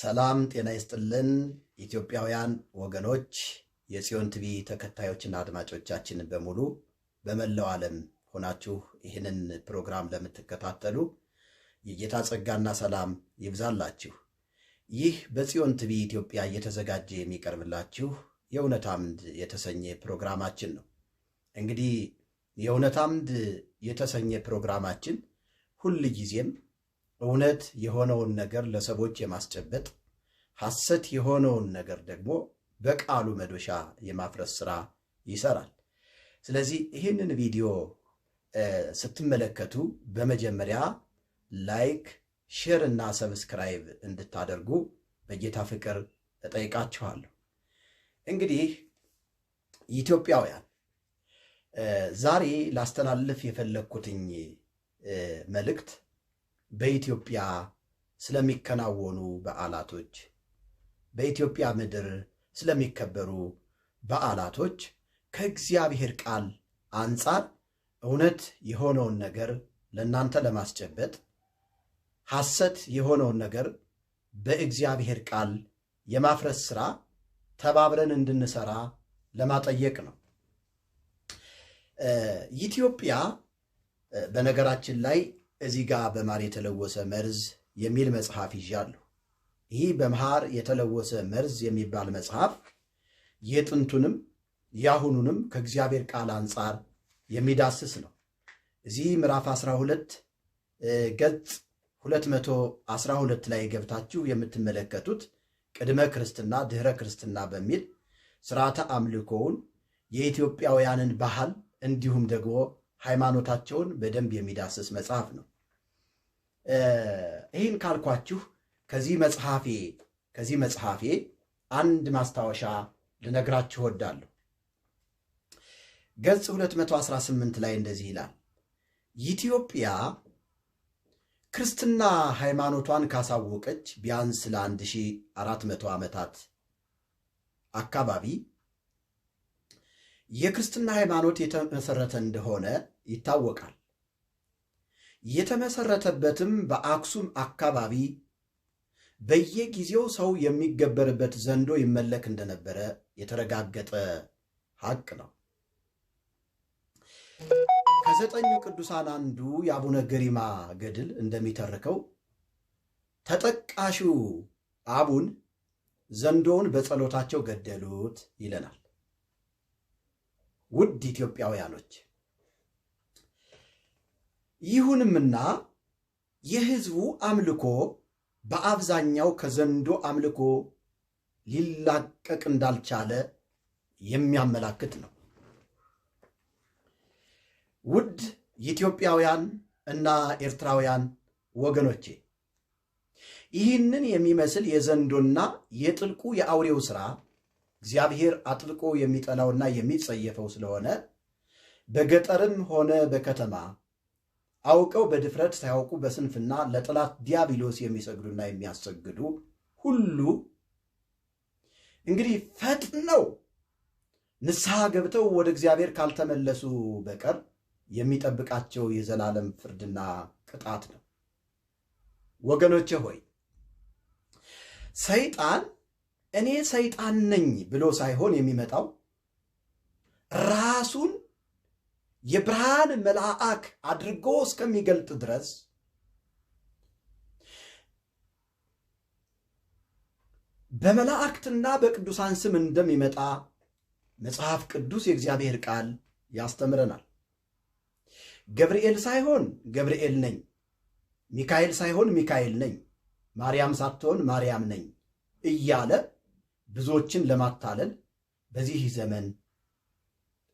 ሰላም ጤና ይስጥልን ኢትዮጵያውያን ወገኖች፣ የጽዮን ቲቪ ተከታዮችና አድማጮቻችን በሙሉ በመላው ዓለም ሆናችሁ ይህንን ፕሮግራም ለምትከታተሉ የጌታ ጸጋና ሰላም ይብዛላችሁ። ይህ በጽዮን ቲቪ ኢትዮጵያ እየተዘጋጀ የሚቀርብላችሁ የእውነት አምድ የተሰኘ ፕሮግራማችን ነው። እንግዲህ የእውነት አምድ የተሰኘ ፕሮግራማችን ሁል ጊዜም እውነት የሆነውን ነገር ለሰዎች የማስጨበጥ ሐሰት የሆነውን ነገር ደግሞ በቃሉ መዶሻ የማፍረስ ስራ ይሰራል። ስለዚህ ይህንን ቪዲዮ ስትመለከቱ በመጀመሪያ ላይክ፣ ሼር እና ሰብስክራይብ እንድታደርጉ በጌታ ፍቅር እጠይቃችኋለሁ። እንግዲህ ኢትዮጵያውያን ዛሬ ላስተላልፍ የፈለግኩትኝ መልእክት በኢትዮጵያ ስለሚከናወኑ በዓላቶች፣ በኢትዮጵያ ምድር ስለሚከበሩ በዓላቶች ከእግዚአብሔር ቃል አንጻር እውነት የሆነውን ነገር ለእናንተ ለማስጨበጥ ሐሰት የሆነውን ነገር በእግዚአብሔር ቃል የማፍረስ ሥራ ተባብረን እንድንሠራ ለማጠየቅ ነው። ኢትዮጵያ በነገራችን ላይ እዚህ ጋር በማር የተለወሰ መርዝ የሚል መጽሐፍ ይዣለሁ። ይህ በማር የተለወሰ መርዝ የሚባል መጽሐፍ የጥንቱንም የአሁኑንም ከእግዚአብሔር ቃል አንጻር የሚዳስስ ነው። እዚህ ምዕራፍ 12 ገጽ 212 ላይ ገብታችሁ የምትመለከቱት ቅድመ ክርስትና፣ ድኅረ ክርስትና በሚል ስርዓተ አምልኮውን የኢትዮጵያውያንን ባህል እንዲሁም ደግሞ ሃይማኖታቸውን በደንብ የሚዳስስ መጽሐፍ ነው። ይህን ካልኳችሁ ከዚህ መጽሐፌ ከዚህ መጽሐፌ አንድ ማስታወሻ ልነግራችሁ እወዳለሁ። ገጽ 218 ላይ እንደዚህ ይላል። ኢትዮጵያ ክርስትና ሃይማኖቷን ካሳወቀች ቢያንስ ለ1400 ዓመታት አካባቢ የክርስትና ሃይማኖት የተመሰረተ እንደሆነ ይታወቃል። የተመሰረተበትም በአክሱም አካባቢ በየጊዜው ሰው የሚገበርበት ዘንዶ ይመለክ እንደነበረ የተረጋገጠ ሐቅ ነው። ከዘጠኙ ቅዱሳን አንዱ የአቡነ ገሪማ ገድል እንደሚተርከው ተጠቃሹ አቡን ዘንዶውን በጸሎታቸው ገደሉት ይለናል። ውድ ኢትዮጵያውያኖች ይሁንምና የሕዝቡ አምልኮ በአብዛኛው ከዘንዶ አምልኮ ሊላቀቅ እንዳልቻለ የሚያመላክት ነው። ውድ ኢትዮጵያውያን እና ኤርትራውያን ወገኖቼ ይህንን የሚመስል የዘንዶና የጥልቁ የአውሬው ሥራ እግዚአብሔር አጥብቆ የሚጠላውና የሚጸየፈው ስለሆነ በገጠርም ሆነ በከተማ አውቀው በድፍረት ሳያውቁ በስንፍና ለጠላት ዲያብሎስ የሚሰግዱና የሚያሰግዱ ሁሉ እንግዲህ ፈጥነው ንስሐ ገብተው ወደ እግዚአብሔር ካልተመለሱ በቀር የሚጠብቃቸው የዘላለም ፍርድና ቅጣት ነው። ወገኖቼ ሆይ ሰይጣን እኔ ሰይጣን ነኝ ብሎ ሳይሆን የሚመጣው ራሱን የብርሃን መልአክ አድርጎ እስከሚገልጥ ድረስ በመላእክትና በቅዱሳን ስም እንደሚመጣ መጽሐፍ ቅዱስ የእግዚአብሔር ቃል ያስተምረናል። ገብርኤል ሳይሆን ገብርኤል ነኝ፣ ሚካኤል ሳይሆን ሚካኤል ነኝ፣ ማርያም ሳትሆን ማርያም ነኝ እያለ ብዙዎችን ለማታለል በዚህ ዘመን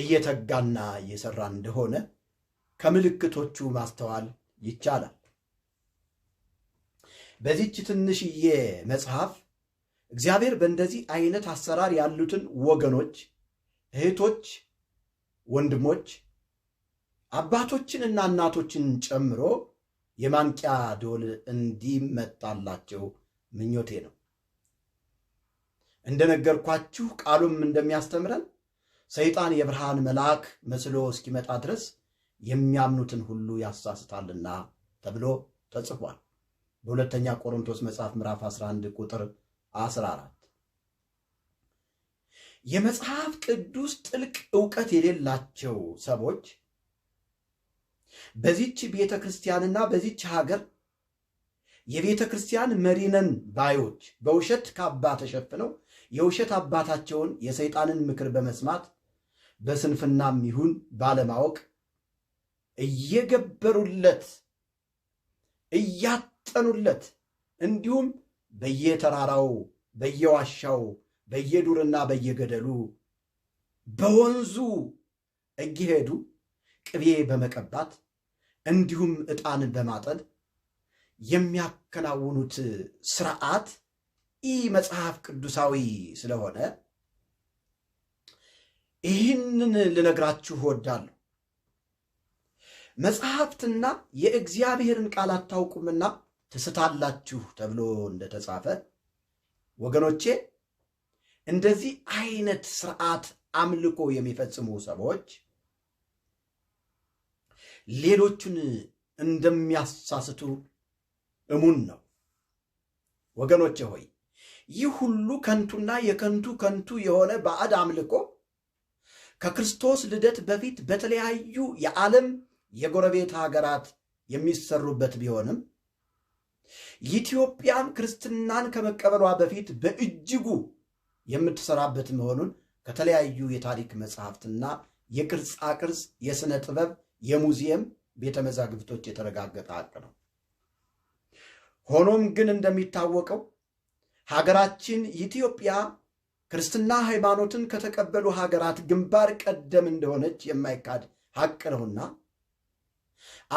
እየተጋና እየሰራ እንደሆነ ከምልክቶቹ ማስተዋል ይቻላል። በዚች ትንሽዬ መጽሐፍ እግዚአብሔር በእንደዚህ አይነት አሰራር ያሉትን ወገኖች፣ እህቶች፣ ወንድሞች፣ አባቶችንና እናቶችን ጨምሮ የማንቂያ ዶል እንዲመጣላቸው ምኞቴ ነው። እንደነገርኳችሁ ቃሉም እንደሚያስተምረን ሰይጣን የብርሃን መልአክ መስሎ እስኪመጣ ድረስ የሚያምኑትን ሁሉ ያሳስታልና ተብሎ ተጽፏል። በሁለተኛ ቆሮንቶስ መጽሐፍ ምዕራፍ 11 ቁጥር 14 የመጽሐፍ ቅዱስ ጥልቅ ዕውቀት የሌላቸው ሰዎች በዚች ቤተ ክርስቲያንና በዚች ሀገር የቤተ ክርስቲያን መሪነን ባዮች በውሸት ካባ ተሸፍነው የውሸት አባታቸውን የሰይጣንን ምክር በመስማት በስንፍናም ይሁን ባለማወቅ እየገበሩለት እያጠኑለት እንዲሁም በየተራራው በየዋሻው በየዱርና በየገደሉ በወንዙ እየሄዱ ቅቤ በመቀባት እንዲሁም ዕጣን በማጠን የሚያከናውኑት ስርዓት ኢ መጽሐፍ ቅዱሳዊ ስለሆነ ይህንን ልነግራችሁ እወዳለሁ። መጽሐፍትና የእግዚአብሔርን ቃል አታውቁምና ትስታላችሁ ተብሎ እንደተጻፈ ወገኖቼ፣ እንደዚህ አይነት ስርዓት አምልኮ የሚፈጽሙ ሰዎች ሌሎቹን እንደሚያሳስቱ እሙን ነው። ወገኖቼ ሆይ ይህ ሁሉ ከንቱና የከንቱ ከንቱ የሆነ ባዕድ አምልኮ ከክርስቶስ ልደት በፊት በተለያዩ የዓለም የጎረቤት ሀገራት የሚሰሩበት ቢሆንም ኢትዮጵያም ክርስትናን ከመቀበሏ በፊት በእጅጉ የምትሰራበት መሆኑን ከተለያዩ የታሪክ መጽሐፍትና የቅርጻ ቅርጽ፣ የሥነ ጥበብ፣ የሙዚየም ቤተ መዛግብቶች የተረጋገጠ ሀቅ ነው። ሆኖም ግን እንደሚታወቀው ሀገራችን ኢትዮጵያ ክርስትና ሃይማኖትን ከተቀበሉ ሀገራት ግንባር ቀደም እንደሆነች የማይካድ ሐቅ ነውና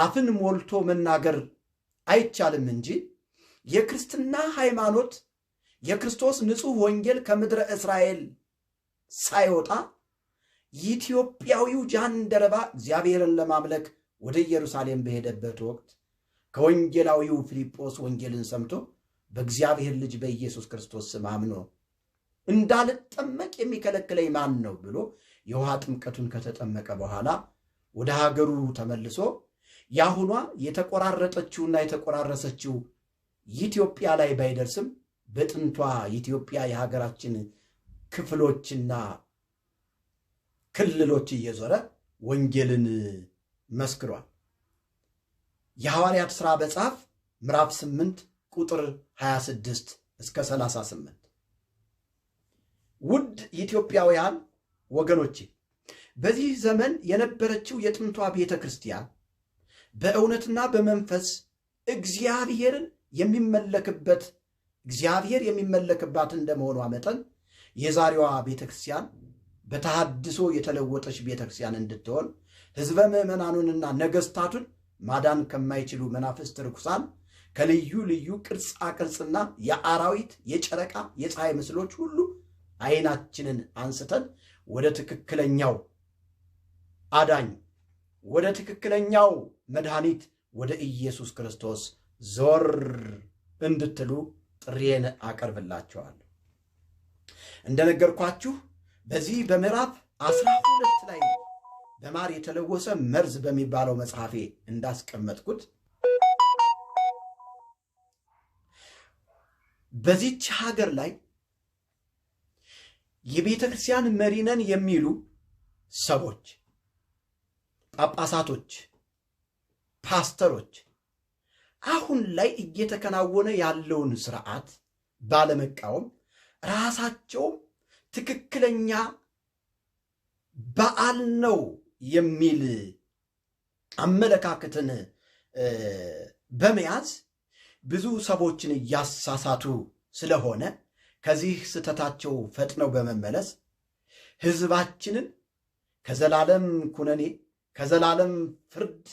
አፍን ሞልቶ መናገር አይቻልም እንጂ የክርስትና ሃይማኖት የክርስቶስ ንጹሕ ወንጌል ከምድረ እስራኤል ሳይወጣ ኢትዮጵያዊው ጃንደረባ እግዚአብሔርን ለማምለክ ወደ ኢየሩሳሌም በሄደበት ወቅት ከወንጌላዊው ፊልጶስ ወንጌልን ሰምቶ በእግዚአብሔር ልጅ በኢየሱስ ክርስቶስ ስም አምኖ እንዳልጠመቅ የሚከለክለኝ ማን ነው ብሎ የውሃ ጥምቀቱን ከተጠመቀ በኋላ ወደ ሀገሩ ተመልሶ የአሁኗ የተቆራረጠችውና የተቆራረሰችው ኢትዮጵያ ላይ ባይደርስም በጥንቷ ኢትዮጵያ የሀገራችን ክፍሎችና ክልሎች እየዞረ ወንጌልን መስክሯል። የሐዋርያት ሥራ መጽሐፍ ምዕራፍ 8 ቁጥር 26 እስከ 38 ውድ ኢትዮጵያውያን ወገኖቼ በዚህ ዘመን የነበረችው የጥንቷ ቤተ ክርስቲያን በእውነትና በመንፈስ እግዚአብሔርን የሚመለክበት እግዚአብሔር የሚመለክባት እንደመሆኗ መጠን የዛሬዋ ቤተ ክርስቲያን በተሃድሶ የተለወጠች ቤተ ክርስቲያን እንድትሆን ሕዝበ ምዕመናኑንና ነገሥታቱን ማዳን ከማይችሉ መናፍስት ርኩሳን ከልዩ ልዩ ቅርጻ ቅርጽና የአራዊት፣ የጨረቃ፣ የፀሐይ ምስሎች ሁሉ አይናችንን አንስተን ወደ ትክክለኛው አዳኝ ወደ ትክክለኛው መድኃኒት ወደ ኢየሱስ ክርስቶስ ዞር እንድትሉ ጥሪዬን አቀርብላችኋለሁ። እንደነገርኳችሁ በዚህ በምዕራፍ አስራ ሁለት ላይ በማር የተለወሰ መርዝ በሚባለው መጽሐፌ እንዳስቀመጥኩት በዚች ሀገር ላይ የቤተ ክርስቲያን የሚሉ ሰዎች፣ ጳጳሳቶች፣ ፓስተሮች አሁን ላይ እየተከናወነ ያለውን ስርዓት ባለመቃወም ራሳቸውም ትክክለኛ በዓል ነው የሚል አመለካከትን በመያዝ ብዙ ሰዎችን እያሳሳቱ ስለሆነ ከዚህ ስህተታቸው ፈጥነው በመመለስ ሕዝባችንን ከዘላለም ኩነኔ ከዘላለም ፍርድ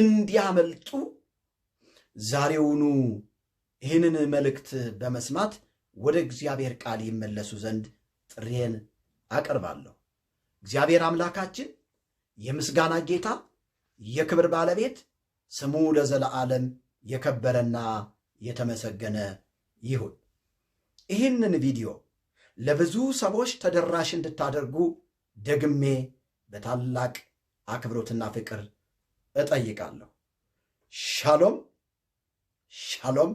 እንዲያመልጡ ዛሬውኑ ይህንን መልእክት በመስማት ወደ እግዚአብሔር ቃል ይመለሱ ዘንድ ጥሬን አቀርባለሁ። እግዚአብሔር አምላካችን የምስጋና ጌታ የክብር ባለቤት ስሙ ለዘለዓለም የከበረና የተመሰገነ ይሁን። ይህንን ቪዲዮ ለብዙ ሰዎች ተደራሽ እንድታደርጉ ደግሜ በታላቅ አክብሮትና ፍቅር እጠይቃለሁ። ሻሎም ሻሎም።